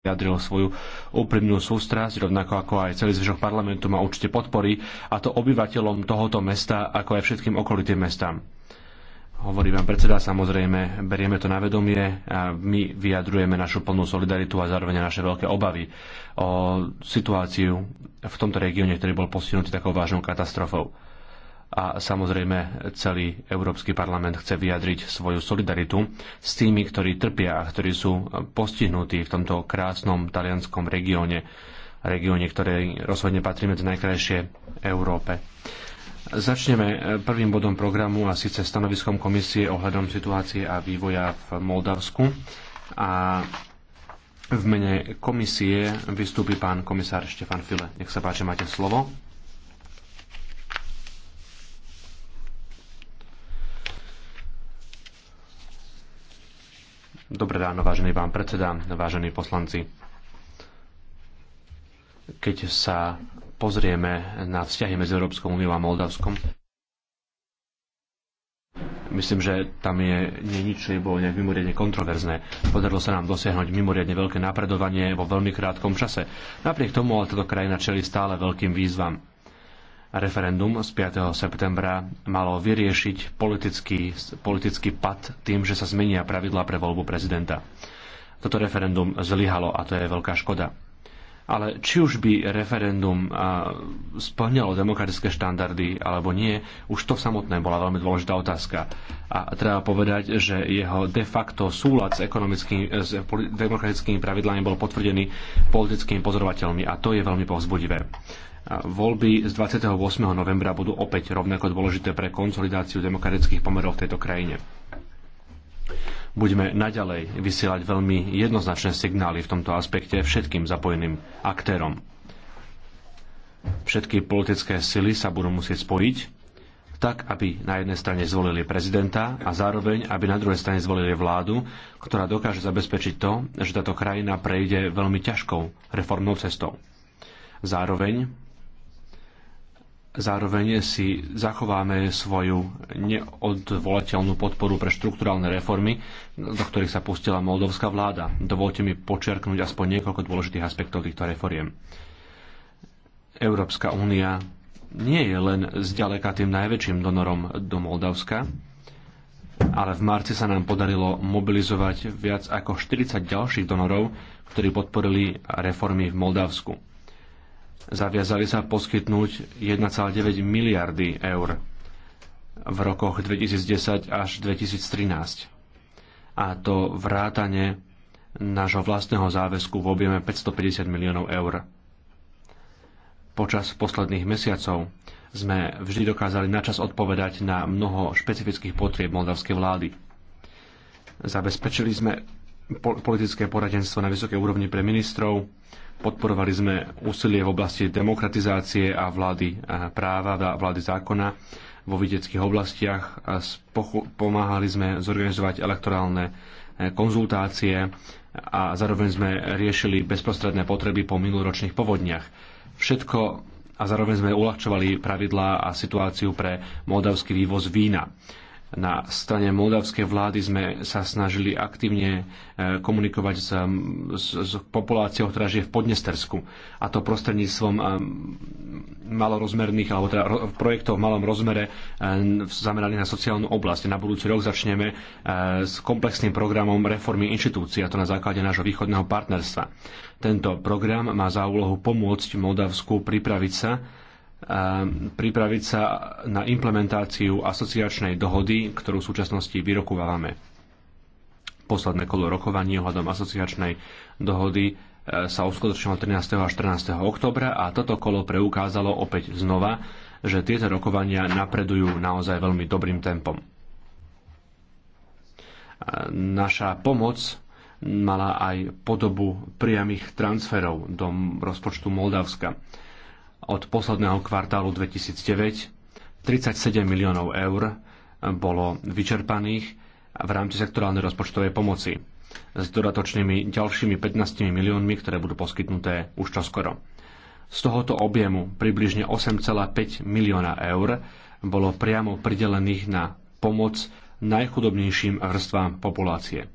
vyjadril svoju úprimnú sústrasť, rovnako ako aj celý zvyšok parlamentu má určite podpory, a to obyvateľom tohoto mesta, ako aj všetkým okolitým mestám. Hovorí vám predseda, samozrejme, berieme to na vedomie a my vyjadrujeme našu plnú solidaritu a zároveň naše veľké obavy o situáciu v tomto regióne, ktorý bol postihnutý takou vážnou katastrofou a samozrejme celý Európsky parlament chce vyjadriť svoju solidaritu s tými, ktorí trpia a ktorí sú postihnutí v tomto krásnom talianskom regióne, regióne, ktoré rozhodne patrí medzi najkrajšie Európe. Začneme eh, prvým bodom programu a síce stanoviskom komisie ohľadom situácie a vývoja v Moldavsku. A v mene komisie vystúpi pán komisár Štefan File. Nech sa páči, máte slovo. Dobré ráno, vážený pán predseda, vážení poslanci. Keď sa pozrieme na vzťahy medzi Európskou úniou a Moldavskom, Myslím, že tam je nie nič, čo je bolo nejak mimoriadne kontroverzné. Podarilo sa nám dosiahnuť mimoriadne veľké napredovanie vo veľmi krátkom čase. Napriek tomu ale táto krajina čeli stále veľkým výzvam referendum z 5. septembra malo vyriešiť politický, politický pad tým, že sa zmenia pravidla pre voľbu prezidenta. Toto referendum zlyhalo a to je veľká škoda. Ale či už by referendum splňalo demokratické štandardy alebo nie, už to samotné bola veľmi dôležitá otázka. A treba povedať, že jeho de facto súlad s, s demokratickými pravidlami bol potvrdený politickými pozorovateľmi a to je veľmi povzbudivé. Voľby z 28. novembra budú opäť rovnako dôležité pre konsolidáciu demokratických pomerov v tejto krajine. Budeme naďalej vysielať veľmi jednoznačné signály v tomto aspekte všetkým zapojeným aktérom. Všetky politické sily sa budú musieť spojiť tak, aby na jednej strane zvolili prezidenta a zároveň, aby na druhej strane zvolili vládu, ktorá dokáže zabezpečiť to, že táto krajina prejde veľmi ťažkou reformnou cestou. Zároveň Zároveň si zachováme svoju neodvolateľnú podporu pre štruktúralne reformy, do ktorých sa pustila moldovská vláda. Dovolte mi počerknúť aspoň niekoľko dôležitých aspektov týchto reforiem. Európska únia nie je len zďaleka tým najväčším donorom do Moldavska, ale v marci sa nám podarilo mobilizovať viac ako 40 ďalších donorov, ktorí podporili reformy v Moldavsku. Zaviazali sa poskytnúť 1,9 miliardy eur v rokoch 2010 až 2013. A to vrátane nášho vlastného záväzku v objeme 550 miliónov eur. Počas posledných mesiacov sme vždy dokázali načas odpovedať na mnoho špecifických potrieb moldavskej vlády. Zabezpečili sme politické poradenstvo na vysokej úrovni pre ministrov, podporovali sme úsilie v oblasti demokratizácie a vlády práva, vlády zákona vo videckých oblastiach, pomáhali sme zorganizovať elektorálne e, konzultácie a zároveň sme riešili bezprostredné potreby po minuloročných povodniach. Všetko a zároveň sme uľahčovali pravidlá a situáciu pre moldavský vývoz vína. Na strane moldavskej vlády sme sa snažili aktívne e, komunikovať s, s, s populáciou, ktorá žije v Podnestersku. A to prostredníctvom e, malorozmerných, alebo teda projektov v malom rozmere e, zameraných na sociálnu oblasť. Na budúci rok začneme s komplexným programom reformy inštitúcií, a to na základe nášho východného partnerstva. Tento program má za úlohu pomôcť Moldavsku pripraviť sa pripraviť sa na implementáciu asociačnej dohody, ktorú v súčasnosti vyrokovávame. Posledné kolo rokovaní ohľadom asociačnej dohody e, sa uskutočnilo 13. až 14. oktobra a toto kolo preukázalo opäť znova, že tieto rokovania napredujú naozaj veľmi dobrým tempom. Naša pomoc mala aj podobu priamých transferov do rozpočtu Moldavska od posledného kvartálu 2009 37 miliónov eur bolo vyčerpaných v rámci sektorálnej rozpočtovej pomoci s dodatočnými ďalšími 15 miliónmi, ktoré budú poskytnuté už čoskoro. Z tohoto objemu približne 8,5 milióna eur bolo priamo pridelených na pomoc najchudobnejším vrstvám populácie.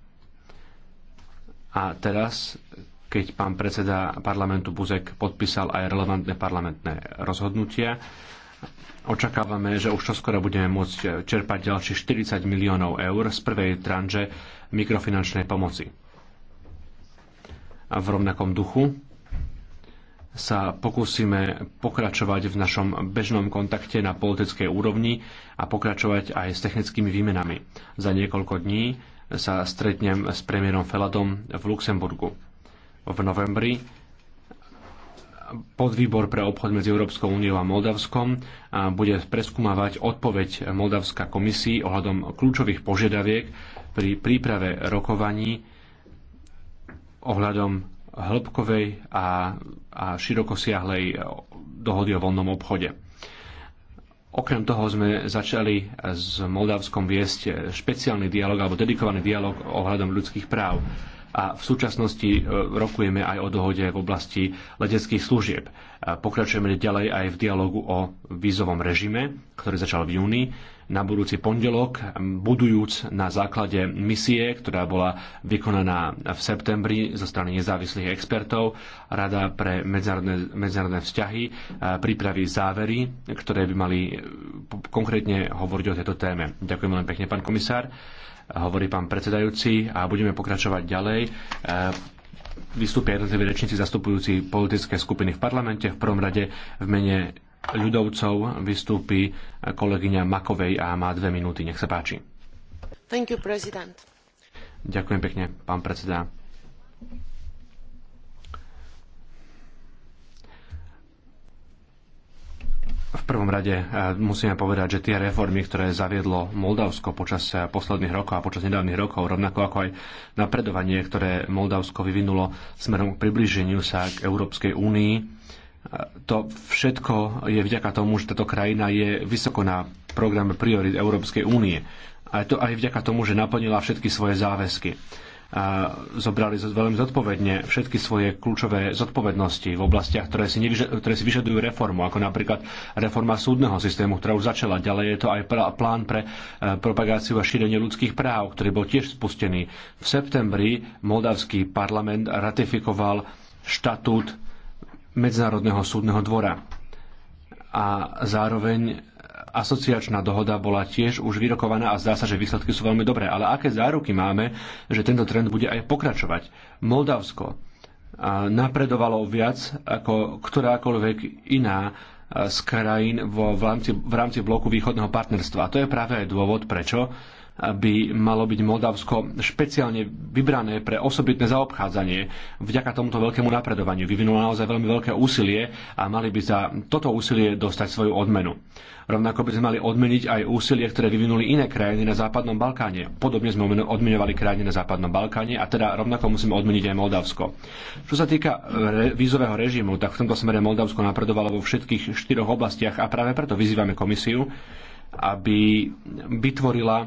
A teraz keď pán predseda parlamentu Buzek podpísal aj relevantné parlamentné rozhodnutia. Očakávame, že už čoskoro budeme môcť čerpať ďalších 40 miliónov eur z prvej tranže mikrofinančnej pomoci. A v rovnakom duchu sa pokúsime pokračovať v našom bežnom kontakte na politickej úrovni a pokračovať aj s technickými výmenami. Za niekoľko dní sa stretnem s premiérom Feladom v Luxemburgu v novembri podvýbor pre obchod medzi Európskou úniou a Moldavskom a bude preskúmavať odpoveď Moldavská komisii ohľadom kľúčových požiadaviek pri príprave rokovaní ohľadom hĺbkovej a, a širokosiahlej dohody o voľnom obchode. Okrem toho sme začali s Moldavskom viesť špeciálny dialog alebo dedikovaný dialog ohľadom ľudských práv a v súčasnosti e, rokujeme aj o dohode v oblasti leteckých služieb. E, pokračujeme ďalej aj v dialogu o vízovom režime, ktorý začal v júni. Na budúci pondelok, budujúc na základe misie, ktorá bola vykonaná v septembri zo strany nezávislých expertov, Rada pre medzinárodné, medzinárodné vzťahy e, pripraví závery, ktoré by mali konkrétne hovoriť o tejto téme. Ďakujem veľmi pekne, pán komisár hovorí pán predsedajúci a budeme pokračovať ďalej. E, vystúpia jednotliví rečníci zastupujúci politické skupiny v parlamente. V prvom rade v mene ľudovcov vystúpi kolegyňa Makovej a má dve minúty. Nech sa páči. Thank you, president. Ďakujem pekne, pán predseda. V prvom rade e, musíme povedať, že tie reformy, ktoré zaviedlo Moldavsko počas e, posledných rokov a počas nedávnych rokov, rovnako ako aj napredovanie, ktoré Moldavsko vyvinulo smerom k približeniu sa k Európskej únii, e, to všetko je vďaka tomu, že táto krajina je vysoko na programe priorit Európskej únie. A je to aj vďaka tomu, že naplnila všetky svoje záväzky zobrali veľmi zodpovedne všetky svoje kľúčové zodpovednosti v oblastiach, ktoré si, nevyžadujú, ktoré si vyžadujú reformu, ako napríklad reforma súdneho systému, ktorá už začala. Ďalej je to aj plán pre e, propagáciu a šírenie ľudských práv, ktorý bol tiež spustený. V septembri Moldavský parlament ratifikoval štatút Medzinárodného súdneho dvora a zároveň asociačná dohoda bola tiež už vyrokovaná a zdá sa, že výsledky sú veľmi dobré. Ale aké záruky máme, že tento trend bude aj pokračovať? Moldavsko napredovalo viac ako ktorákoľvek iná z krajín v rámci, v rámci bloku východného partnerstva. A to je práve aj dôvod, prečo by malo byť Moldavsko špeciálne vybrané pre osobitné zaobchádzanie. Vďaka tomuto veľkému napredovaniu vyvinulo naozaj veľmi veľké úsilie a mali by za toto úsilie dostať svoju odmenu. Rovnako by sme mali odmeniť aj úsilie, ktoré vyvinuli iné krajiny na Západnom Balkáne. Podobne sme odmenovali krajiny na Západnom Balkáne a teda rovnako musíme odmeniť aj Moldavsko. Čo sa týka vízového režimu, tak v tomto smere Moldavsko napredovalo vo všetkých štyroch oblastiach a práve preto vyzývame komisiu, aby vytvorila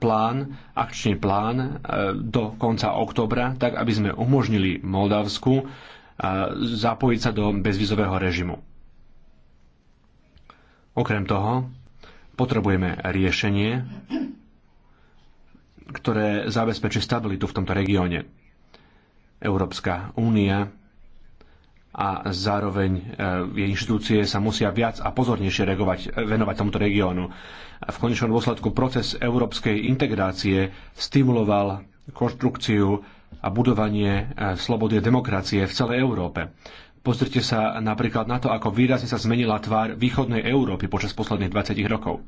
plán, akčný plán e, do konca oktobra, tak aby sme umožnili Moldavsku e, zapojiť sa do bezvizového režimu. Okrem toho, potrebujeme riešenie, ktoré zabezpečí stabilitu v tomto regióne. Európska únia a zároveň e, jej inštitúcie sa musia viac a pozornejšie reagovať, e, venovať tomuto regiónu. V konečnom dôsledku proces európskej integrácie stimuloval konštrukciu a budovanie e, slobody a demokracie v celej Európe. Pozrite sa napríklad na to, ako výrazne sa zmenila tvár východnej Európy počas posledných 20 rokov.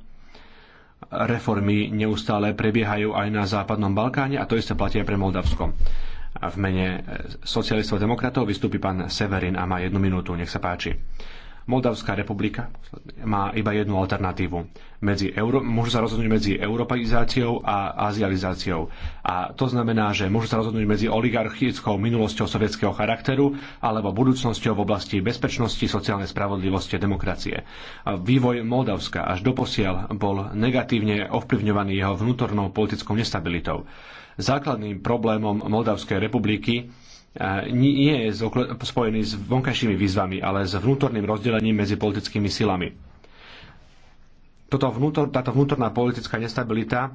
Reformy neustále prebiehajú aj na Západnom Balkáne a to isté platia aj pre Moldavsko. V mene e, socialistov demokratov vystúpi pán Severin a má jednu minútu. Nech sa páči. Moldavská republika má iba jednu alternatívu. Medzi Euró- môžu sa rozhodnúť medzi europeizáciou a azializáciou. A to znamená, že môžu sa rozhodnúť medzi oligarchickou minulosťou sovietského charakteru alebo budúcnosťou v oblasti bezpečnosti, sociálnej spravodlivosti a demokracie. Vývoj Moldavska až doposiaľ bol negatívne ovplyvňovaný jeho vnútornou politickou nestabilitou základným problémom Moldavskej republiky e, nie je spojený s vonkajšími výzvami, ale s vnútorným rozdelením medzi politickými silami. Toto vnútor, táto vnútorná politická nestabilita e,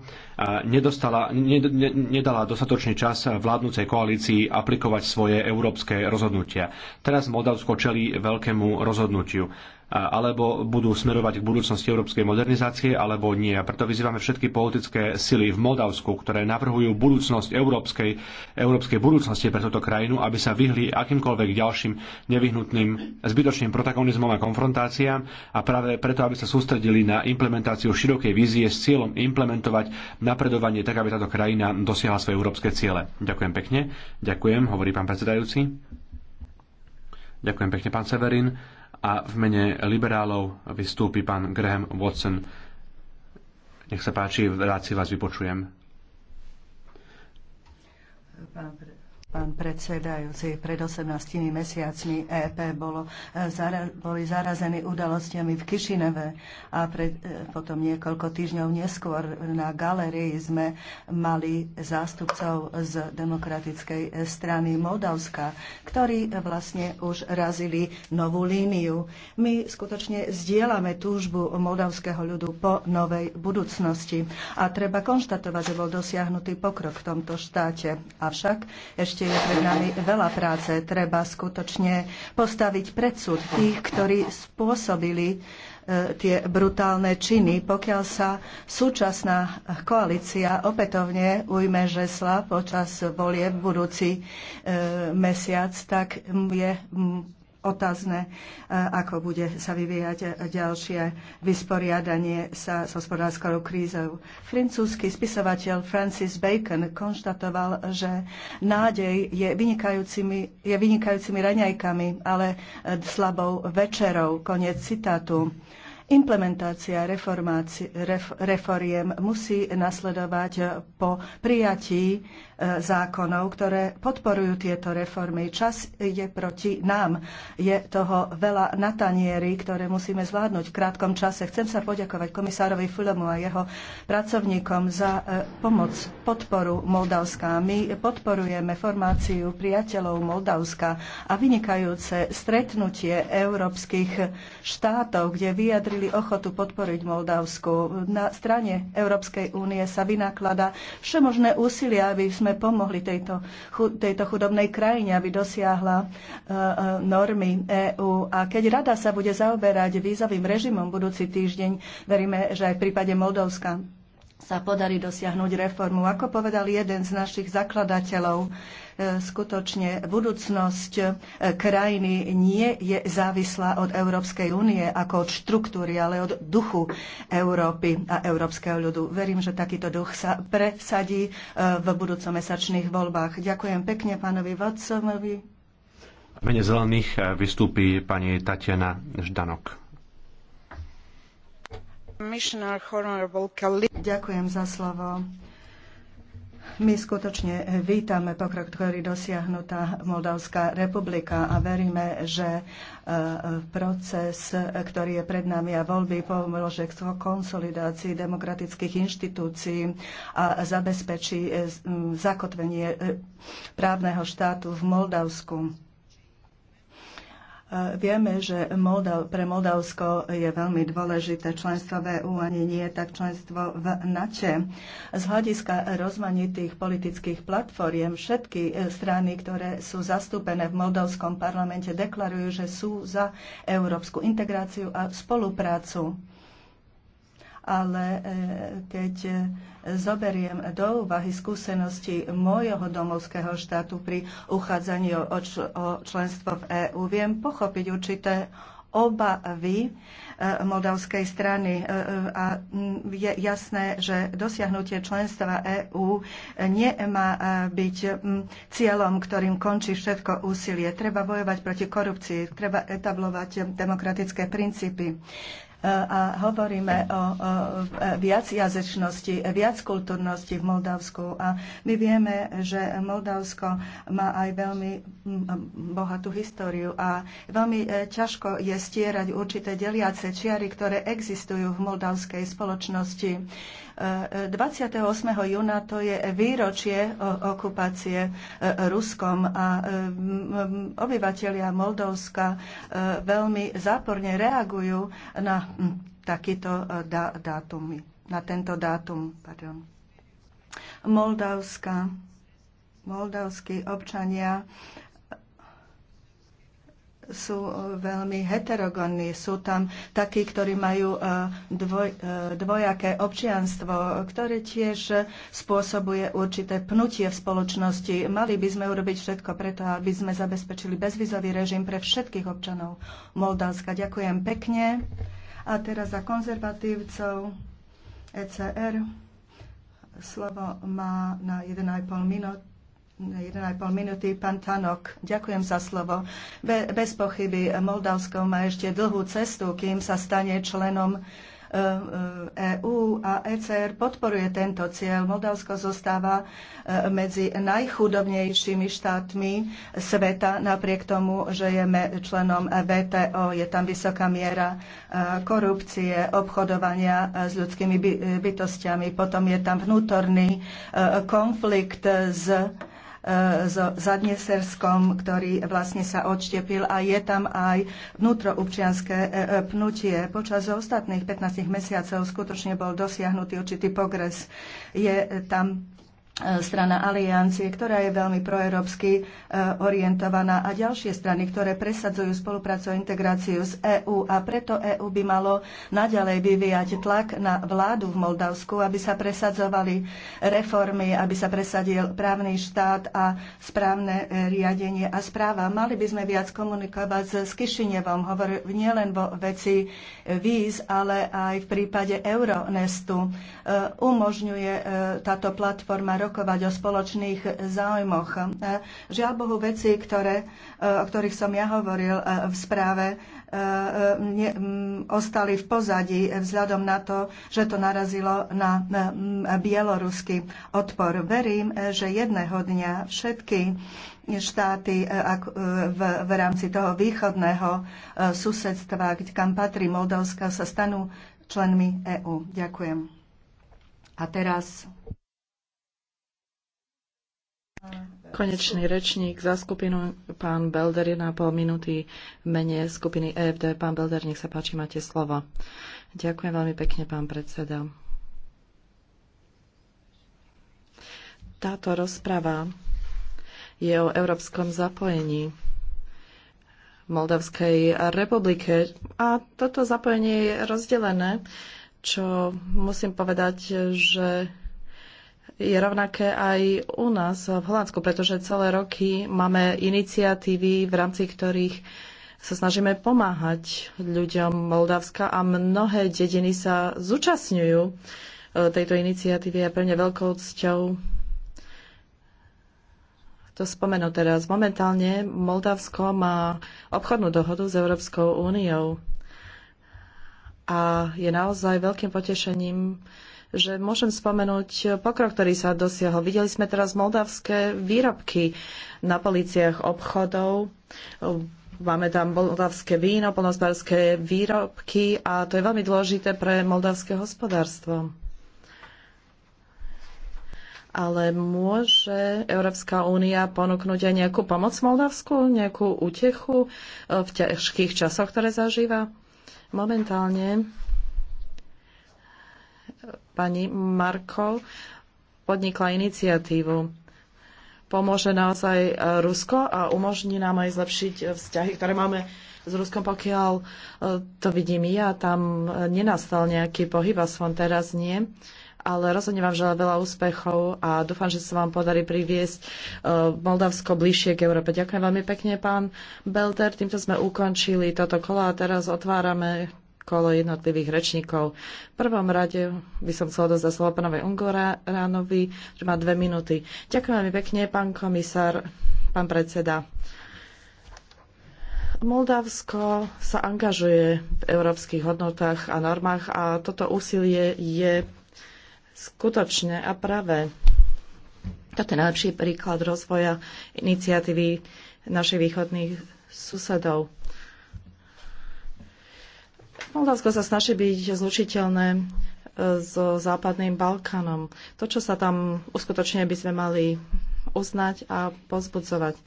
nedostala, ned, nedala dostatočný čas vládnúcej koalícii aplikovať svoje európske rozhodnutia. Teraz Moldavsko čelí veľkému rozhodnutiu alebo budú smerovať k budúcnosti európskej modernizácie, alebo nie. A preto vyzývame všetky politické sily v Moldavsku, ktoré navrhujú budúcnosť európskej, európskej budúcnosti pre túto krajinu, aby sa vyhli akýmkoľvek ďalším nevyhnutným zbytočným protagonizmom a konfrontáciám a práve preto, aby sa sústredili na implementáciu širokej vízie s cieľom implementovať napredovanie tak, aby táto krajina dosiahla svoje európske ciele. Ďakujem pekne. Ďakujem, hovorí pán predsedajúci. Ďakujem pekne, pán Severin a v mene liberálov vystúpi pán Graham Watson. Nech sa páči, v relácii vás vypočujem. Pán pre... Pán predsedajúci, pred 18 mesiacmi EP bolo, e, zara, boli zarazení udalostiami v Kišineve a pred, e, potom niekoľko týždňov neskôr na galerii sme mali zástupcov z demokratickej strany Moldavska, ktorí vlastne už razili novú líniu. My skutočne zdieľame túžbu moldavského ľudu po novej budúcnosti a treba konštatovať, že bol dosiahnutý pokrok v tomto štáte. Avšak ešte ešte je pred nami veľa práce. Treba skutočne postaviť predsud tých, ktorí spôsobili e, tie brutálne činy, pokiaľ sa súčasná koalícia opätovne ujme žesla počas volie budúci e, mesiac, tak je otázne, e, ako bude sa vyvíjať ďalšie vysporiadanie sa s hospodárskou krízou. Francúzsky spisovateľ Francis Bacon konštatoval, že nádej je vynikajúcimi, je vynikajúcimi raňajkami, ale slabou večerou. Koniec citátu. Implementácia ref, reforiem musí nasledovať po prijatí e, zákonov, ktoré podporujú tieto reformy. Čas je proti nám. Je toho veľa na tanieri, ktoré musíme zvládnuť v krátkom čase. Chcem sa poďakovať komisárovi Fulemu a jeho pracovníkom za e, pomoc, podporu Moldavska. My podporujeme formáciu priateľov Moldavska a vynikajúce stretnutie európskych štátov, kde vyjadrili vyjadrili ochotu podporiť Moldavsku. Na strane Európskej únie sa vynaklada všemožné úsilie, aby sme pomohli tejto, tejto chudobnej krajine, aby dosiahla e, e, normy EÚ. A keď rada sa bude zaoberať vízovým režimom budúci týždeň, veríme, že aj v prípade Moldavska sa podarí dosiahnuť reformu. Ako povedal jeden z našich zakladateľov, e, skutočne budúcnosť e, krajiny nie je závislá od Európskej únie ako od štruktúry, ale od duchu Európy a európskeho ľudu. Verím, že takýto duch sa presadí e, v budúcomesačných voľbách. Ďakujem pekne pánovi Vodcovovi. V mene zelených vystúpi pani Tatiana Ždanok. Ďakujem za slovo. My skutočne vítame pokrok, ktorý dosiahnutá Moldavská republika a veríme, že e, proces, ktorý je pred nami a voľby pomôže k konsolidácii demokratických inštitúcií a zabezpečí e, zakotvenie e, právneho štátu v Moldavsku. Vieme, že Moldav, pre Moldavsko je veľmi dôležité členstvo v EU, ani nie tak členstvo v NATE. Z hľadiska rozmanitých politických platformiem všetky e, strany, ktoré sú zastúpené v Moldavskom parlamente, deklarujú, že sú za európsku integráciu a spoluprácu ale e, keď e, zoberiem do úvahy skúsenosti môjho domovského štátu pri uchádzaní o, členstvo v EÚ, viem pochopiť určité obavy e, moldavskej strany a je jasné, že dosiahnutie členstva EÚ nemá byť cieľom, ktorým končí všetko úsilie. Treba bojovať proti korupcii, treba etablovať demokratické princípy a hovoríme o viacjazyčnosti, viackultúrnosti v Moldavsku a my vieme, že Moldavsko má aj veľmi bohatú históriu a veľmi e, ťažko je stierať určité deliace čiary, ktoré existujú v moldavskej spoločnosti. 28. E, e, júna to je výročie okupácie Ruskom a obyvateľia Moldovska veľmi záporne reagujú na takýto e, dátum, na tento dátum. Pardon. Moldavska, moldavskí občania sú e, veľmi heterogónni. Sú tam takí, ktorí majú e, dvoj, dvojaké občianstvo, ktoré tiež spôsobuje určité pnutie v spoločnosti. Mali by sme urobiť všetko preto, aby sme zabezpečili bezvizový režim pre všetkých občanov Moldavska. Ďakujem pekne. A teraz za konzervatívcov ECR slovo má na 1,5 minút 1,5 minúty. Pán Tanok, ďakujem za slovo. Be, bez pochyby Moldavsko má ešte dlhú cestu, kým sa stane členom EÚ a ECR podporuje tento cieľ. Moldavsko zostáva medzi najchudobnejšími štátmi sveta, napriek tomu, že je členom VTO. Je tam vysoká miera korupcie, obchodovania s ľudskými bytostiami. Potom je tam vnútorný konflikt s Eh, so Zadneserskom, ktorý vlastne sa odštepil a je tam aj vnútroobčianské eh, eh, pnutie. Počas ostatných 15 mesiacov skutočne bol dosiahnutý určitý pogres. Je tam E, strana Aliancie, ktorá je veľmi proeurópsky e, orientovaná a ďalšie strany, ktoré presadzujú spoluprácu a integráciu s EÚ a preto EÚ by malo naďalej vyvíjať tlak na vládu v Moldavsku, aby sa presadzovali reformy, aby sa presadil právny štát a správne e, riadenie a správa. Mali by sme viac komunikovať s Kišinevom, nie nielen vo veci víz, ale aj v prípade Euronestu. Umožňuje táto platforma rokovať o spoločných záujmoch. E, žiaľ Bohu, veci, ktoré, e, o ktorých som ja hovoril e, v správe, ne, ostali v pozadí vzhľadom na to, že to narazilo na bieloruský odpor. Verím, že jedného dňa všetky štáty v, v rámci toho východného susedstva, kam patrí Moldavska, sa stanú členmi EÚ. Ďakujem. A teraz Konečný rečník za skupinu pán Belder 1,5 minúty v mene skupiny EFD. Pán Belder, nech sa páči, máte slovo. Ďakujem veľmi pekne, pán predseda. Táto rozprava je o európskom zapojení Moldavskej republike a toto zapojenie je rozdelené, čo musím povedať, že je rovnaké aj u nás v Holandsku, pretože celé roky máme iniciatívy, v rámci ktorých sa snažíme pomáhať ľuďom Moldavska a mnohé dediny sa zúčastňujú e, tejto iniciatívy a pevne veľkou cťou to spomenú teraz. Momentálne Moldavsko má obchodnú dohodu s Európskou úniou a je naozaj veľkým potešením že môžem spomenúť pokrok, ktorý sa dosiahol. Videli sme teraz moldavské výrobky na policiach obchodov. Máme tam moldavské víno, polnospodárske výrobky a to je veľmi dôležité pre moldavské hospodárstvo ale môže Európska únia ponúknuť aj nejakú pomoc Moldavsku, nejakú útechu v ťažkých časoch, ktoré zažíva? Momentálne pani Markov podnikla iniciatívu. Pomôže naozaj e, Rusko a umožní nám aj zlepšiť e, vzťahy, ktoré máme s Ruskom, pokiaľ e, to vidím ja. Tam nenastal nejaký pohyb, aspoň teraz nie. Ale rozhodne vám želám veľa úspechov a dúfam, že sa vám podarí priviesť Moldavsko bližšie k Európe. Ďakujem veľmi pekne, pán Belter. Týmto sme ukončili toto kolo a teraz otvárame kolo jednotlivých rečníkov. V prvom rade by som chcela dozda slovo pánovi Ungoránovi, že má dve minúty. Ďakujem veľmi pekne, pán komisár, pán predseda. Moldavsko sa angažuje v európskych hodnotách a normách a toto úsilie je skutočné a pravé. Toto je najlepší príklad rozvoja iniciatívy našich východných susedov. Moldavsko sa snaží byť zlučiteľné e, so západným Balkánom. To, čo sa tam uskutočne by sme mali uznať a pozbudzovať.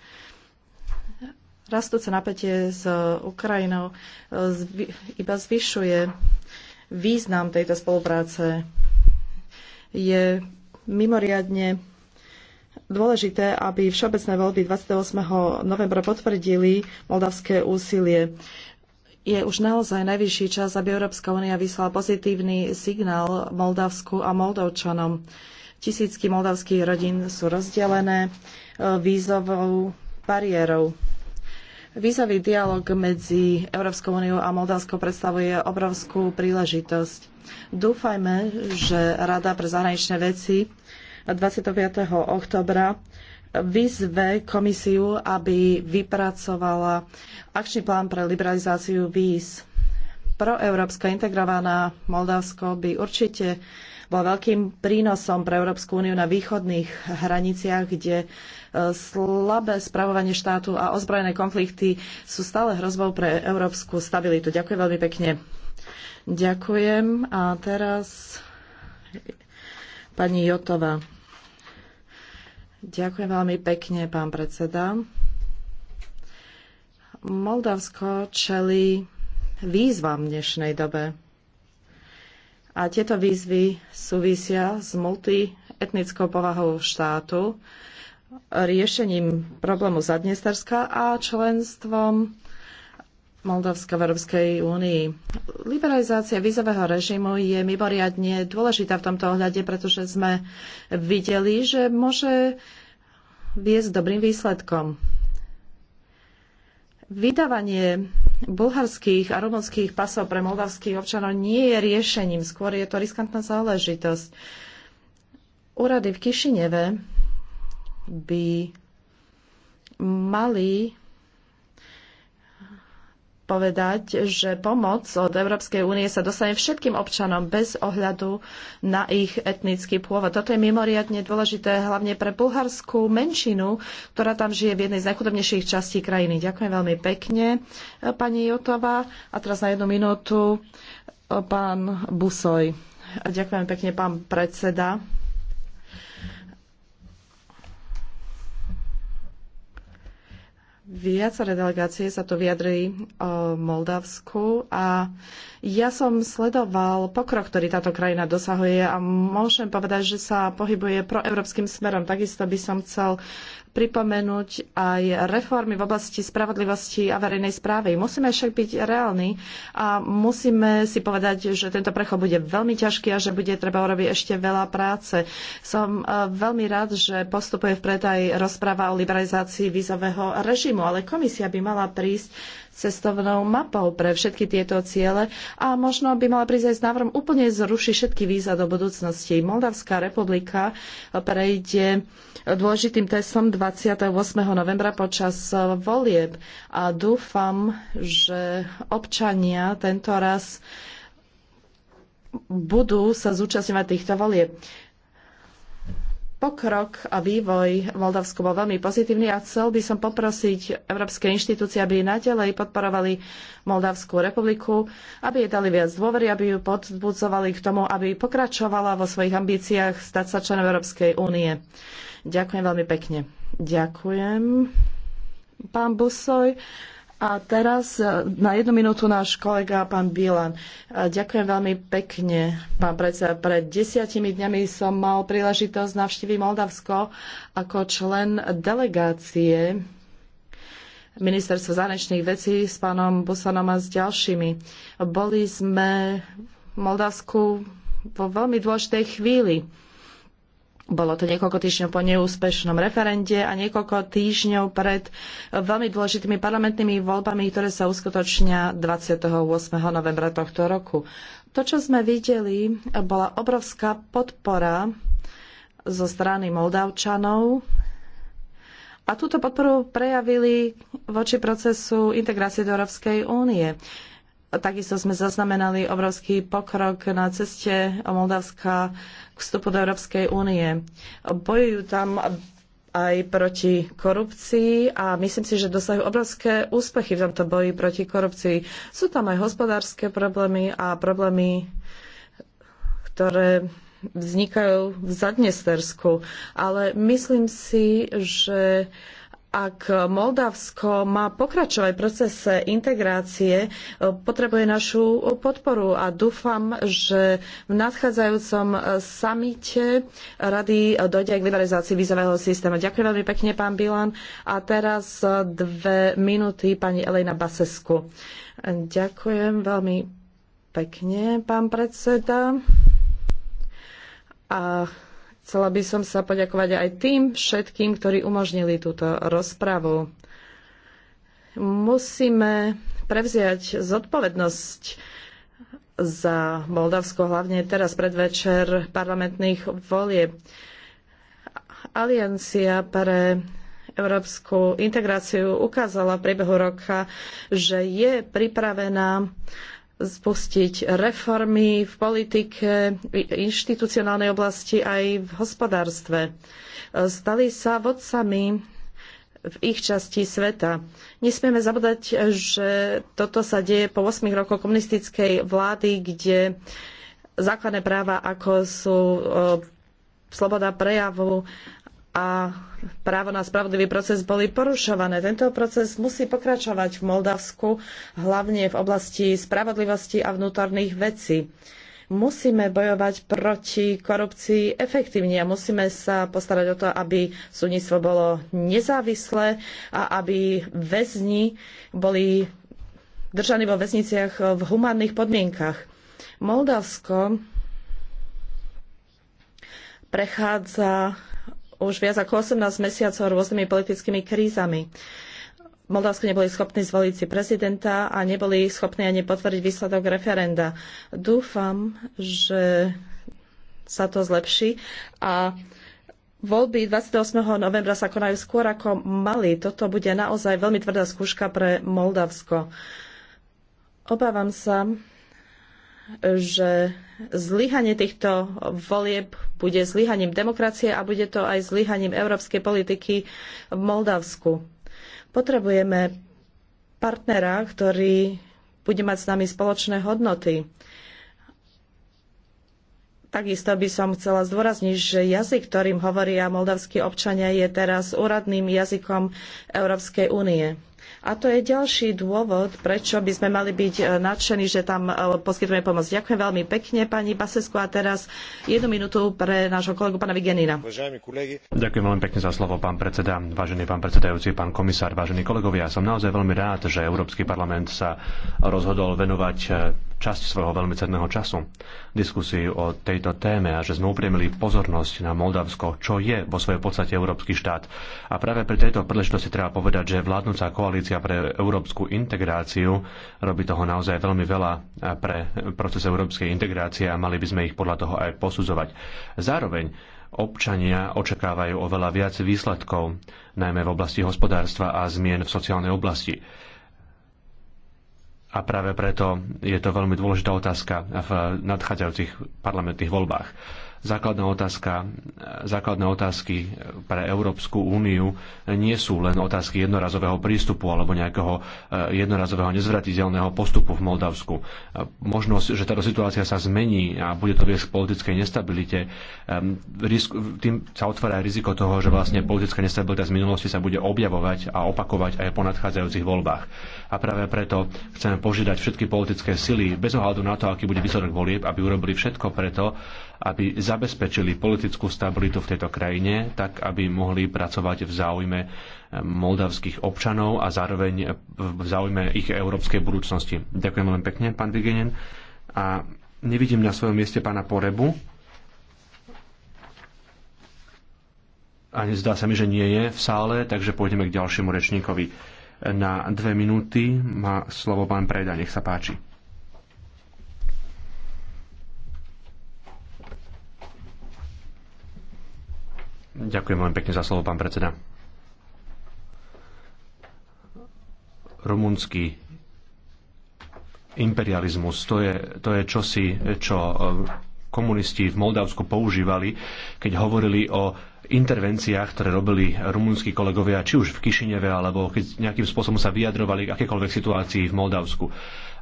Rastúce napätie s Ukrajinou e, iba zvyšuje význam tejto spolupráce. Je mimoriadne dôležité, aby všeobecné voľby 28. novembra potvrdili moldavské úsilie je už naozaj najvyšší čas, aby Európska únia vyslala pozitívny signál Moldavsku a Moldovčanom. Tisícky moldavských rodín sú rozdelené e, vízovou bariérou. Vízový dialog medzi Európskou úniou a Moldavskou predstavuje obrovskú príležitosť. Dúfajme, že Rada pre zahraničné veci 25. oktobra vyzve komisiu, aby vypracovala akčný plán pre liberalizáciu víz. Proeurópska integrovaná Moldavsko by určite bol veľkým prínosom pre Európsku úniu na východných hraniciach, kde e, slabé spravovanie štátu a ozbrojené konflikty sú stále hrozbou pre európsku stabilitu. Ďakujem veľmi pekne. Ďakujem. A teraz pani Jotová. Ďakujem veľmi pekne, pán predseda. Moldavsko čelí výzvam v dnešnej dobe. A tieto výzvy súvisia s multietnickou povahou štátu, riešením problému Zadnesterska a členstvom Moldavska v Európskej únii. Liberalizácia vízového režimu je mimoriadne dôležitá v tomto ohľade, pretože sme videli, že môže viesť dobrým výsledkom. Vydávanie bulharských a rumunských pasov pre moldavských občanov nie je riešením, skôr je to riskantná záležitosť. Úrady v Kišineve by mali povedať, že pomoc od Európskej únie sa dostane všetkým občanom bez ohľadu na ich etnický pôvod. Toto je mimoriadne dôležité hlavne pre bulharskú menšinu, ktorá tam žije v jednej z najchudobnejších častí krajiny. Ďakujem veľmi pekne, pani Jotová. A teraz na jednu minútu pán Busoj. Ďakujem pekne, pán predseda. Viaceré delegácie sa tu vyjadrili o Moldavsku a ja som sledoval pokrok, ktorý táto krajina dosahuje a môžem povedať, že sa pohybuje proeurópskym smerom. Takisto by som chcel pripomenúť aj reformy v oblasti spravodlivosti a verejnej správy. Musíme však byť reálni a musíme si povedať, že tento prechod bude veľmi ťažký a že bude treba urobiť ešte veľa práce. Som e, veľmi rád, že postupuje vpred aj rozpráva o liberalizácii vízového režimu, ale komisia by mala prísť cestovnou mapou pre všetky tieto ciele a možno by mala prísť aj s návrhom úplne zrušiť všetky víza do budúcnosti. Moldavská republika prejde dôležitým testom 28. novembra počas volieb a dúfam, že občania tento raz budú sa zúčastňovať týchto volieb pokrok a vývoj v Moldavsku bol veľmi pozitívny a chcel by som poprosiť európske inštitúcie, aby naďalej podporovali Moldavskú republiku, aby jej dali viac dôvery, aby ju podbudzovali k tomu, aby pokračovala vo svojich ambíciách stať sa členom Európskej únie. Ďakujem veľmi pekne. Ďakujem, pán Busoj. A teraz e, na jednu minútu náš kolega, pán Bielan. E, ďakujem veľmi pekne, pán predseda. Pred desiatimi dňami som mal príležitosť navštíviť Moldavsko ako člen delegácie Ministerstva zahraničných vecí s pánom Busanom a s ďalšími. Boli sme v Moldavsku vo veľmi dôležitej chvíli bolo to niekoľko týždňov po neúspešnom referende a niekoľko týždňov pred veľmi dôležitými parlamentnými voľbami, ktoré sa uskutočnia 28. novembra tohto roku. To, čo sme videli, bola obrovská podpora zo strany Moldavčanov a túto podporu prejavili voči procesu integrácie do Európskej únie. Takisto sme zaznamenali obrovský pokrok na ceste Moldavska k vstupu do Európskej únie. Bojujú tam aj proti korupcii a myslím si, že dosahujú obrovské úspechy v tomto boji proti korupcii. Sú tam aj hospodárske problémy a problémy, ktoré vznikajú v Zadnestersku, ale myslím si, že ak Moldavsko má pokračovať v procese integrácie, e, potrebuje našu podporu a dúfam, že v nadchádzajúcom e, samite rady dojde k liberalizácii vízového systému. Ďakujem veľmi pekne, pán Bilan. A teraz e, dve minúty pani Elena Basesku. Ďakujem veľmi pekne, pán predseda. A Chcela by som sa poďakovať aj tým všetkým, ktorí umožnili túto rozpravu. Musíme prevziať zodpovednosť za Moldavsko, hlavne teraz predvečer parlamentných volieb. Aliancia pre európsku integráciu ukázala v priebehu roka, že je pripravená spustiť reformy v politike, v inštitucionálnej oblasti aj v hospodárstve. Stali sa vodcami v ich časti sveta. Nesmieme zabúdať, že toto sa deje po 8 rokoch komunistickej vlády, kde základné práva ako sú e, sloboda prejavu a právo na spravodlivý proces boli porušované. Tento proces musí pokračovať v Moldavsku, hlavne v oblasti spravodlivosti a vnútorných vecí. Musíme bojovať proti korupcii efektívne a musíme sa postarať o to, aby súdnictvo bolo nezávislé a aby väzni boli držaní vo väzniciach v humánnych podmienkach. Moldavsko prechádza už viac ako 18 mesiacov rôznymi politickými krízami. Moldavsko neboli schopní zvoliť si prezidenta a neboli schopní ani potvrdiť výsledok referenda. Dúfam, že sa to zlepší a Voľby 28. novembra sa konajú skôr ako mali. Toto bude naozaj veľmi tvrdá skúška pre Moldavsko. Obávam sa, že zlyhanie týchto volieb bude zlyhaním demokracie a bude to aj zlyhaním európskej politiky v Moldavsku. Potrebujeme partnera, ktorý bude mať s nami spoločné hodnoty. Takisto by som chcela zdôrazniť, že jazyk, ktorým hovoria moldavskí občania, je teraz úradným jazykom Európskej únie. A to je ďalší dôvod, prečo by sme mali byť e, nadšení, že tam e, poskytujeme pomoc. Ďakujem veľmi pekne, pani Basesku. A teraz jednu minútu pre nášho kolegu, pána Vigenina. Ďakujem veľmi pekne za slovo, pán predseda, vážený pán predsedajúci, pán komisár, vážení kolegovia. Som naozaj veľmi rád, že Európsky parlament sa rozhodol venovať e, časť svojho veľmi cenného času diskusii o tejto téme a že sme upriemili pozornosť na Moldavsko, čo je vo svojej podstate európsky štát. A práve pri tejto príležitosti treba povedať, že vládnúca koalícia pre európsku integráciu robí toho naozaj veľmi veľa pre proces európskej integrácie a mali by sme ich podľa toho aj posudzovať. Zároveň občania očakávajú oveľa viac výsledkov, najmä v oblasti hospodárstva a zmien v sociálnej oblasti a práve preto je to veľmi dôležitá otázka v nadchádzajúcich parlamentných voľbách základná otázka, základné otázky pre Európsku úniu nie sú len otázky jednorazového prístupu alebo nejakého eh, jednorazového nezvratiteľného postupu v Moldavsku. Eh, možnosť, že táto situácia sa zmení a bude to viesť k politickej nestabilite, eh, tým sa otvára riziko toho, že vlastne politická nestabilita z minulosti sa bude objavovať a opakovať aj po nadchádzajúcich voľbách. A práve preto chceme požiadať všetky politické sily, bez ohľadu na to, aký bude výsledok volieb, aby urobili všetko preto, aby zabezpečili politickú stabilitu v tejto krajine, tak aby mohli pracovať v záujme eh, moldavských občanov a zároveň v záujme ich európskej budúcnosti. Ďakujem veľmi pekne, pán Vigenen. A nevidím na svojom mieste pána Porebu. A zdá sa mi, že nie je v sále, takže pôjdeme k ďalšiemu rečníkovi. Na dve minúty má slovo pán Preda, nech sa páči. Ďakujem veľmi pekne za slovo, pán predseda. Rumunský imperializmus, to je, to je čosi, čo eh, komunisti v Moldavsku používali, keď hovorili o intervenciách, ktoré robili rumúnsky kolegovia, či už v Kišineve, alebo keď nejakým spôsobom sa vyjadrovali k akékoľvek situácii v Moldavsku.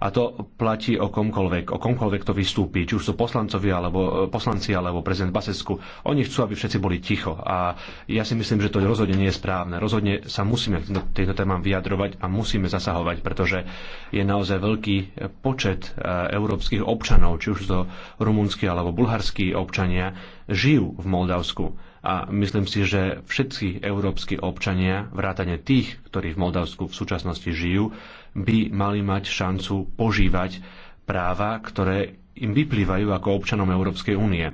A to platí o komkoľvek, o komkoľvek to vystúpi, či už sú poslancovi, alebo e, poslanci, alebo prezident Basesku. Oni chcú, aby všetci boli ticho. A ja si myslím, že to rozhodne nie je správne. Rozhodne sa musíme k tejto témam vyjadrovať a musíme zasahovať, pretože je naozaj veľký počet e, európskych občanov, či už to rumúnsky alebo bulharskí občania, žijú v Moldavsku a myslím si, že všetci európsky občania, vrátane tých, ktorí v Moldavsku v súčasnosti žijú, by mali mať šancu požívať práva, ktoré im vyplývajú ako občanom Európskej únie.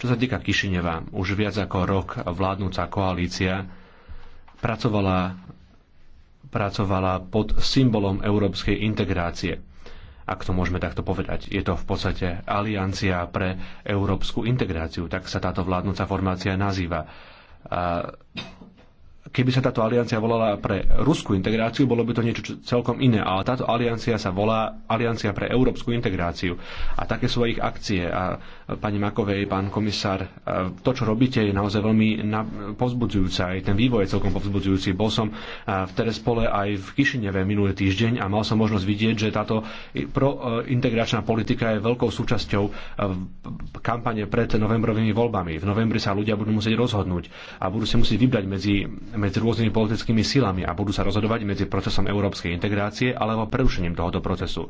Čo sa týka Kišineva, už viac ako rok vládnúca koalícia pracovala, pracovala pod symbolom európskej integrácie ak to môžeme takto povedať. Je to v podstate aliancia pre európsku integráciu, tak sa táto vládnúca formácia nazýva. A keby sa táto aliancia volala pre ruskú integráciu, bolo by to niečo celkom iné, ale táto aliancia sa volá Aliancia pre európsku integráciu. A také sú aj ich akcie. A e, pani Makovej, pán komisár, e, to, čo robíte, je naozaj veľmi povzbudzujúce. Aj ten vývoj je celkom povzbudzujúci. Bol som e, v Terespole aj v Kišineve minulý týždeň a mal som možnosť vidieť, že táto prointegračná politika je veľkou súčasťou kampane pred novembrovými voľbami. V novembri sa ľudia budú musieť rozhodnúť a budú si musieť vybrať medzi medzi rôznymi politickými silami a budú sa rozhodovať medzi procesom európskej integrácie alebo prerušením tohoto procesu.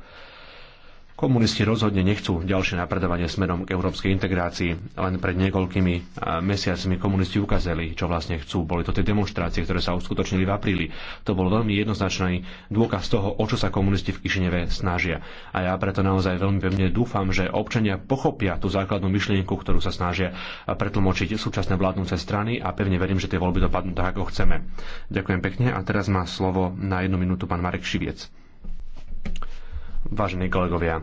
Komunisti rozhodne nechcú ďalšie napredovanie smerom k európskej integrácii. Len pred niekoľkými eh, mesiacmi komunisti ukázali, čo vlastne chcú. Boli to tie demonstrácie, ktoré sa uskutočnili v apríli. To bol veľmi jednoznačný dôkaz toho, o čo sa komunisti v Kišineve snažia. A ja preto naozaj veľmi pevne dúfam, že občania pochopia tú základnú myšlienku, ktorú sa snažia eh, pretlmočiť súčasné vládnúce strany a pevne verím, že tie voľby dopadnú tak, ako chceme. Ďakujem pekne a teraz má slovo na jednu minútu pán Marek Šiviec. Vážení kolegovia, e,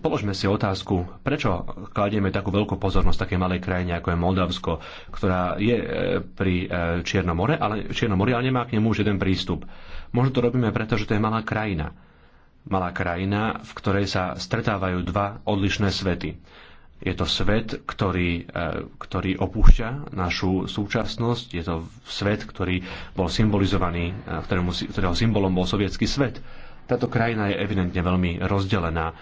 položme si otázku, prečo kladieme takú veľkú pozornosť také malej krajine ako je Moldavsko, ktorá je e, pri e, Čiernom more, ale, Čiernom more, ale nemá k nemu už jeden prístup. Možno to robíme preto, že to je malá krajina. Malá krajina, v ktorej sa stretávajú dva odlišné svety. Je to svet, ktorý, ktorý opúšťa našu súčasnosť, je to svet, ktorý bol symbolizovaný, ktorému, ktorého symbolom bol sovietský svet táto krajina je evidentne veľmi rozdelená,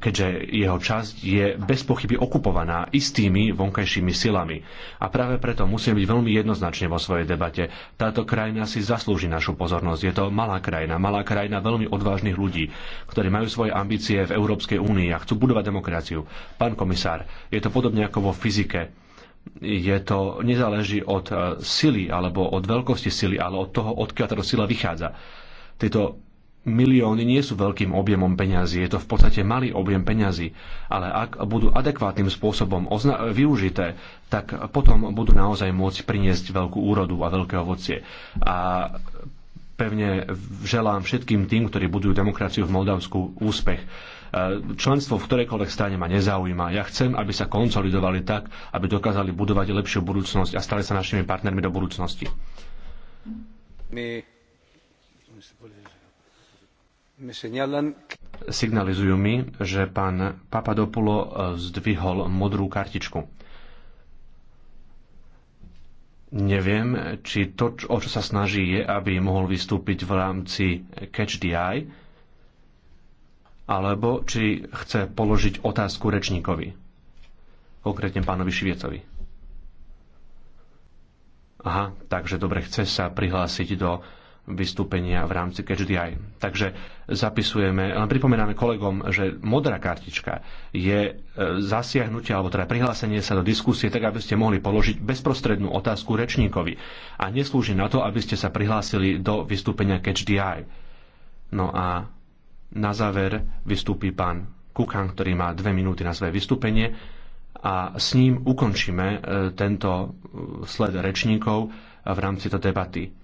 keďže jeho časť je bez pochyby okupovaná istými vonkajšími silami. A práve preto musíme byť veľmi jednoznačne vo svojej debate. Táto krajina si zaslúži našu pozornosť. Je to malá krajina, malá krajina veľmi odvážnych ľudí, ktorí majú svoje ambície v Európskej únii a chcú budovať demokraciu. Pán komisár, je to podobne ako vo fyzike je to, nezáleží od e, sily alebo od veľkosti sily, ale od toho, odkiaľ táto sila vychádza. Tieto milióny nie sú veľkým objemom peňazí, je to v podstate malý objem peňazí, ale ak budú adekvátnym spôsobom využité, tak potom budú naozaj môcť priniesť veľkú úrodu a veľké ovocie. A pevne želám všetkým tým, ktorí budujú demokraciu v Moldavsku, úspech e, členstvo v ktorejkoľvek strane ma nezaujíma. Ja chcem, aby sa konsolidovali tak, aby dokázali budovať lepšiu budúcnosť a stali sa našimi partnermi do budúcnosti. My... Signalizujú mi, že pán Papadopulo eh, zdvihol modrú kartičku. Neviem, či to, o čo sa snaží, je, aby mohol vystúpiť v rámci Catch the Eye, alebo či chce položiť otázku rečníkovi, konkrétne pánovi Šviecovi. Aha, takže dobre, chce sa prihlásiť do vystúpenia v rámci CatchDI. Takže zapisujeme, len pripomíname kolegom, že modrá kartička je e, zasiahnutie alebo teda prihlásenie sa do diskusie tak, aby ste mohli položiť bezprostrednú otázku rečníkovi a neslúži na to, aby ste sa prihlásili do vystúpenia CatchDI. No a na záver vystúpi pán Kukan, ktorý má dve minúty na svoje vystúpenie a s ním ukončíme e, tento e, sled rečníkov v rámci tejto debaty.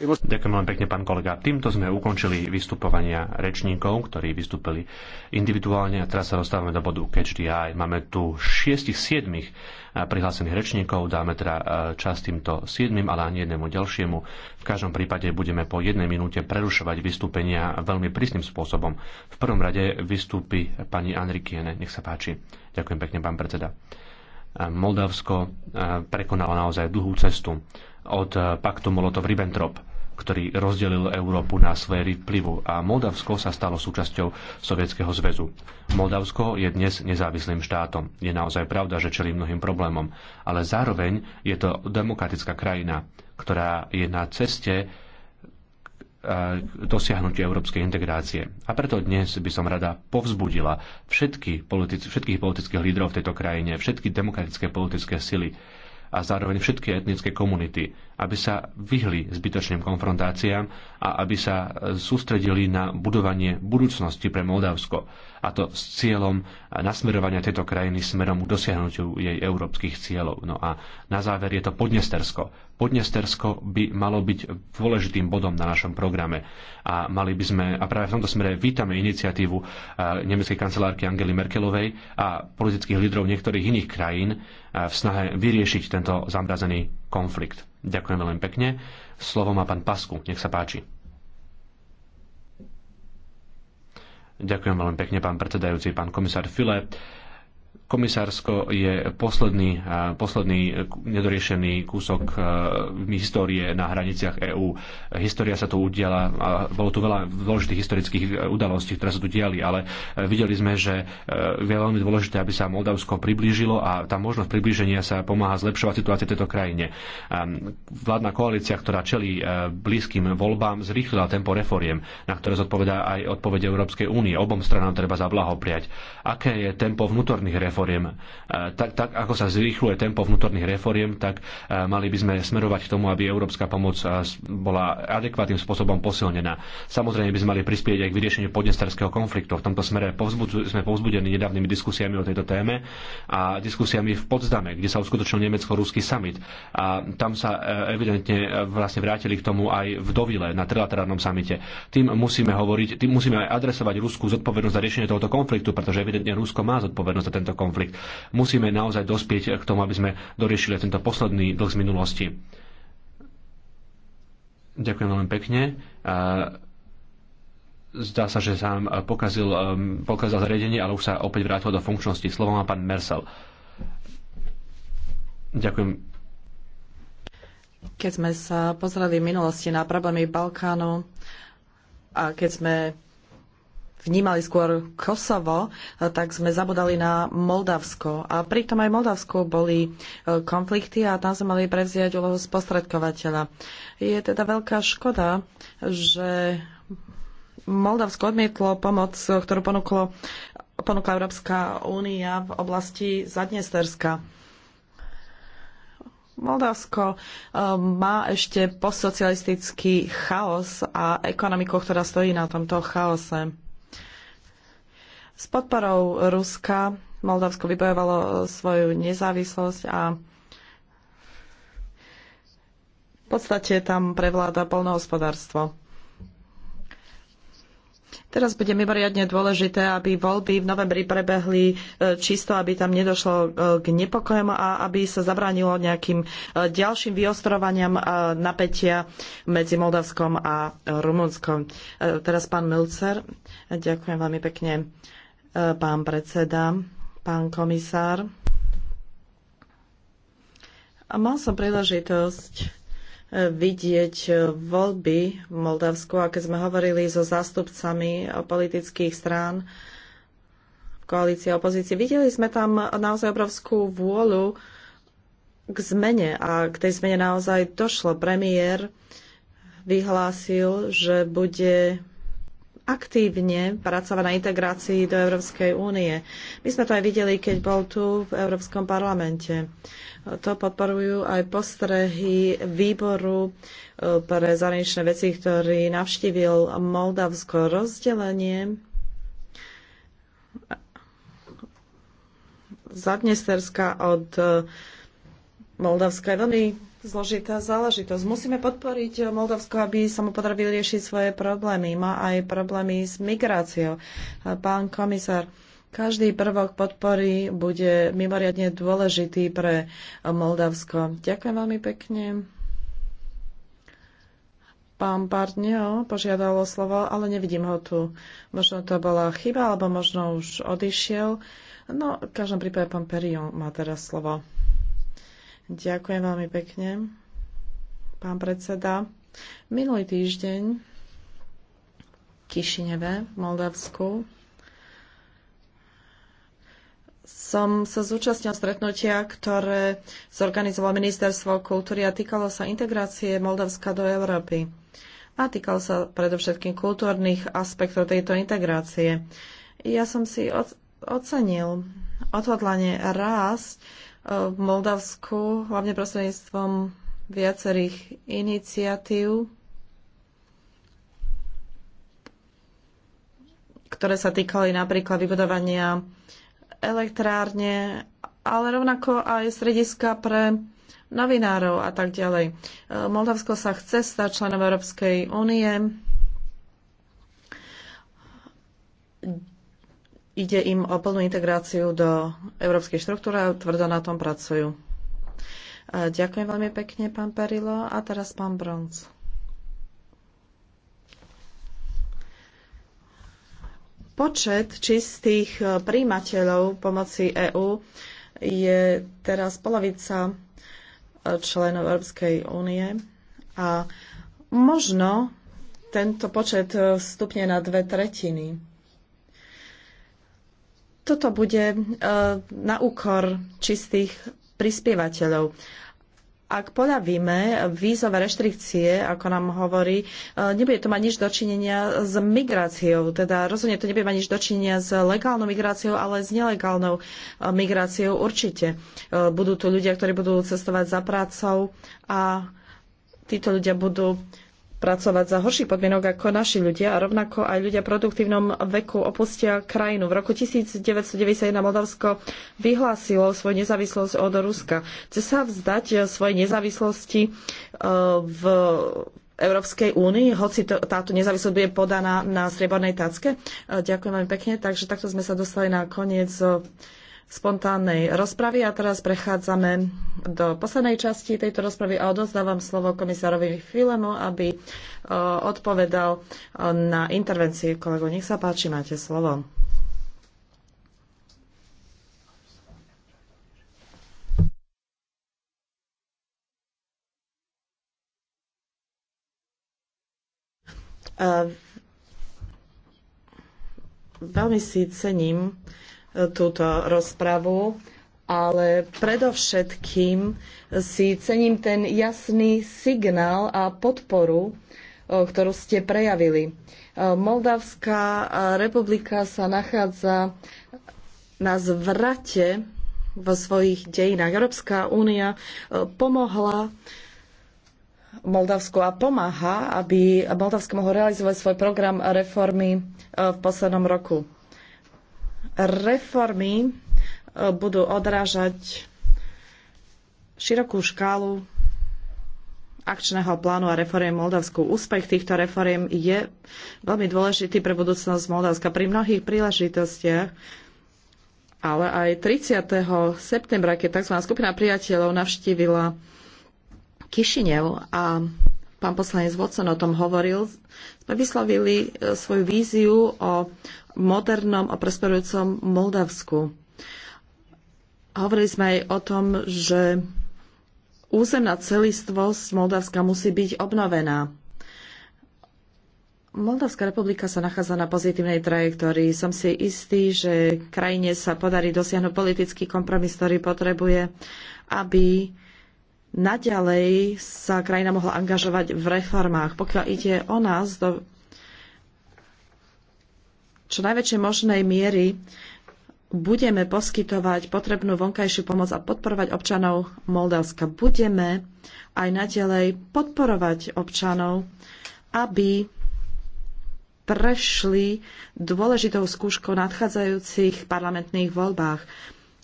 Ďakujem veľmi pekne, pán kolega. Týmto sme ukončili vystupovania rečníkov, ktorí vystúpili individuálne a teraz sa dostávame do bodu Catch the Eye. Máme tu šiestich, siedmich eh, prihlásených rečníkov, dáme teda eh, čas týmto siedmim, ale ani jednému ďalšiemu. V každom prípade budeme po jednej minúte prerušovať vystúpenia veľmi prísnym spôsobom. V prvom rade vystúpi pani Anrikiene. Nech sa páči. Ďakujem pekne, pán predseda. Eh, Moldavsko prekonalo naozaj dlhú cestu od paktu Molotov-Ribbentrop ktorý rozdelil Európu na sféry vplyvu a Moldavsko sa stalo súčasťou Sovietskeho zväzu. Moldavsko je dnes nezávislým štátom. Je naozaj pravda, že čelí mnohým problémom, ale zároveň je to demokratická krajina, ktorá je na ceste e, dosiahnutie európskej integrácie. A preto dnes by som rada povzbudila všetky politi- všetkých politických lídrov v tejto krajine, všetky demokratické politické sily, a zároveň všetky etnické komunity, aby sa vyhli zbytočným konfrontáciám a aby sa sústredili na budovanie budúcnosti pre Moldavsko a to s cieľom nasmerovania tejto krajiny smerom k dosiahnutiu jej európskych cieľov. No a na záver je to Podnestersko. Podnestersko by malo byť dôležitým bodom na našom programe a mali by sme, a práve v tomto smere vítame iniciatívu eh, nemeckej kancelárky Angely Merkelovej a politických lídrov niektorých iných krajín eh, v snahe vyriešiť tento zamrazený konflikt. Ďakujem veľmi pekne. Slovo má pán Pasku. Nech sa páči. Ďakujem veľmi pekne, pán predsedajúci, pán komisár File. Komisársko je posledný, posledný nedoriešený kúsok histórie na hraniciach EÚ. História sa tu udiala, bolo tu veľa dôležitých historických e, udalostí, ktoré sa tu diali, ale e, videli sme, že e, je veľmi dôležité, aby sa Moldavsko priblížilo a tá možnosť priblíženia sa pomáha zlepšovať situáciu tejto krajine. Vládna koalícia, ktorá čelí blízkym voľbám, zrýchlila tempo reforiem, na ktoré zodpovedá aj odpovede Európskej únie. Obom stranám treba zablahopriať. Aké je tempo vnútorných reform reforiem. E, tak, tak ako sa zrýchluje tempo vnútorných reforiem, tak e, mali by sme smerovať k tomu, aby európska pomoc e, bola adekvátnym spôsobom posilnená. Samozrejme by sme mali prispieť aj k vyriešeniu podnesterského konfliktu. V tomto smere sme povzbudení nedávnymi diskusiami o tejto téme a diskusiami v Podzdame, kde sa uskutočnil nemecko-ruský summit. A tam sa evidentne vlastne vrátili k tomu aj v Dovile na trilaterálnom samite. Tým musíme hovoriť, tým musíme aj adresovať Rusku zodpovednosť za riešenie tohoto konfliktu, pretože evidentne Rusko má zodpovednosť za tento konflikt konflikt. Musíme naozaj dospieť k tomu, aby sme doriešili tento posledný dlh z minulosti. Ďakujem veľmi pekne zdá sa, že sa pokazil, um, pokazil zariadenie, ale už sa opäť vrátilo do funkčnosti. Slovo má pán Mersel. Ďakujem. Keď sme sa pozreli v minulosti na problémy Balkánu a keď sme vnímali skôr Kosovo, eh, tak sme zabudali na Moldavsko. A pritom aj v Moldavsku boli eh, konflikty a tam sme mali prevziať úlohu spostredkovateľa. Je teda veľká škoda, že Moldavsko odmietlo pomoc, eh, ktorú ponúklo, ponúkla Európska únia v oblasti Zadnesterska. Moldavsko má ešte postsocialistický chaos a ekonomiku, ktorá stojí na tomto chaose. S podporou Ruska Moldavsko vybojovalo svoju nezávislosť a v podstate tam prevláda polnohospodárstvo. Teraz bude mimoriadne dôležité, aby voľby v novembri prebehli e, čisto, aby tam nedošlo e, k nepokojom a aby sa zabránilo nejakým e, ďalším vyostrovaniam napätia medzi Moldavskom a Rumunskom. Teraz pán Milcer, ďakujem veľmi pekne pán predseda, pán komisár. A mal som príležitosť eh, vidieť eh, voľby v Moldavsku a keď sme hovorili so zástupcami eh, politických strán v koalícii a opozícii, videli sme tam naozaj obrovskú vôľu k zmene a k tej zmene naozaj došlo. Premiér vyhlásil, že bude aktívne pracovať na integrácii do Európskej únie. My sme to aj videli, keď bol tu v Európskom parlamente. To podporujú aj postrehy výboru e, pre zahraničné veci, ktorý navštívil Moldavsko rozdelenie Zadnesterská od Moldavska je veľmi zložitá záležitosť. Musíme podporiť Moldavsko, aby sa mu podarilo riešiť svoje problémy. Má aj problémy s migráciou. Pán komisár, každý prvok podpory bude mimoriadne dôležitý pre Moldavsko. Ďakujem veľmi pekne. Pán Bartneo požiadal o slovo, ale nevidím ho tu. Možno to bola chyba, alebo možno už odišiel. No, v každom prípade pán Perion má teraz slovo. Ďakujem veľmi pekne, pán predseda. Minulý týždeň v Kišineve, v Moldavsku, som sa zúčastnil stretnutia, ktoré zorganizovalo Ministerstvo kultúry a týkalo sa integrácie Moldavska do Európy. A týkalo sa predovšetkým kultúrnych aspektov tejto integrácie. Ja som si ocenil odhodlanie rásť v Moldavsku, hlavne prostredníctvom viacerých iniciatív, ktoré sa týkali napríklad vybudovania elektrárne, ale rovnako aj strediska pre novinárov a tak ďalej. Moldavsko sa chce stať členom Európskej únie Ide im o plnú integráciu do európskej štruktúry a tvrdo na tom pracujú. Ďakujem veľmi pekne, pán Perilo. A teraz pán Bronc. Počet čistých e, príjimateľov pomoci EÚ je teraz polovica e, členov Európskej únie a možno tento počet e, stupne na dve tretiny toto bude e, na úkor čistých prispievateľov. Ak poľavíme vízové reštrikcie, ako nám hovorí, e, nebude to mať nič dočinenia s migráciou. Teda rozhodne to nebude mať nič dočinenia s legálnou migráciou, ale s nelegálnou e, migráciou určite. Budú tu ľudia, ktorí budú cestovať za prácou a títo ľudia budú pracovať za horší podmienok ako naši ľudia a rovnako aj ľudia v produktívnom veku opustia krajinu. V roku 1991 Moldavsko vyhlásilo svoju nezávislosť od Ruska. Chce sa vzdať eh, svojej nezávislosti eh, v Európskej únii, hoci to, táto nezávislosť bude podaná na striebornej tacke. Eh, ďakujem veľmi pekne, takže takto sme sa dostali na koniec spontánnej rozpravy a teraz prechádzame do poslednej časti tejto rozpravy a odozdávam slovo komisárovi Filemu, aby e, odpovedal e, na intervencie kolego. Nech sa páči, máte slovo. E, veľmi si cením túto rozpravu, ale predovšetkým si cením ten jasný signál a podporu, ktorú ste prejavili. Moldavská republika sa nachádza na zvrate vo svojich dejinách. Európska únia pomohla Moldavsku a pomáha, aby Moldavsko mohlo realizovať svoj program reformy v poslednom roku reformy e, budú odrážať širokú škálu akčného plánu a reforiem Moldavsku. Úspech týchto reforiem je veľmi dôležitý pre budúcnosť Moldavska pri mnohých príležitostiach, ale aj 30. septembra, keď tzv. skupina priateľov navštívila Kišinev a pán poslanec Vodson o tom hovoril, sme vyslovili e, svoju víziu o modernom a prosperujúcom Moldavsku. Hovorili sme aj o tom, že územná celistvosť Moldavska musí byť obnovená. Moldavská republika sa nachádza na pozitívnej trajektórii. Som si istý, že krajine sa podarí dosiahnuť politický kompromis, ktorý potrebuje, aby naďalej sa krajina mohla angažovať v reformách. Pokiaľ ide o nás, do čo najväčšej možnej miery budeme poskytovať potrebnú vonkajšiu pomoc a podporovať občanov Moldavska. Budeme aj naďalej podporovať občanov, aby prešli dôležitou skúškou nadchádzajúcich parlamentných voľbách.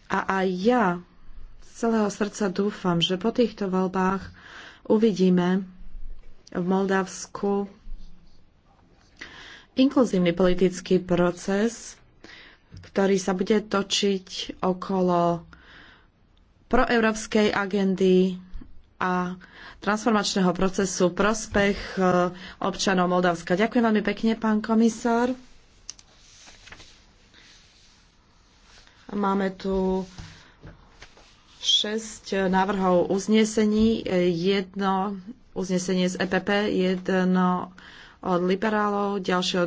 A aj ja z celého srdca dúfam, že po týchto voľbách uvidíme v Moldavsku inkluzívny politický proces, ktorý sa bude točiť okolo proeurópskej agendy a transformačného procesu prospech eh, občanov Moldavska. Ďakujem veľmi pekne, pán komisár. Máme tu šesť návrhov uznesení, jedno uznesenie z EPP, jedno od liberálov, ďalšie od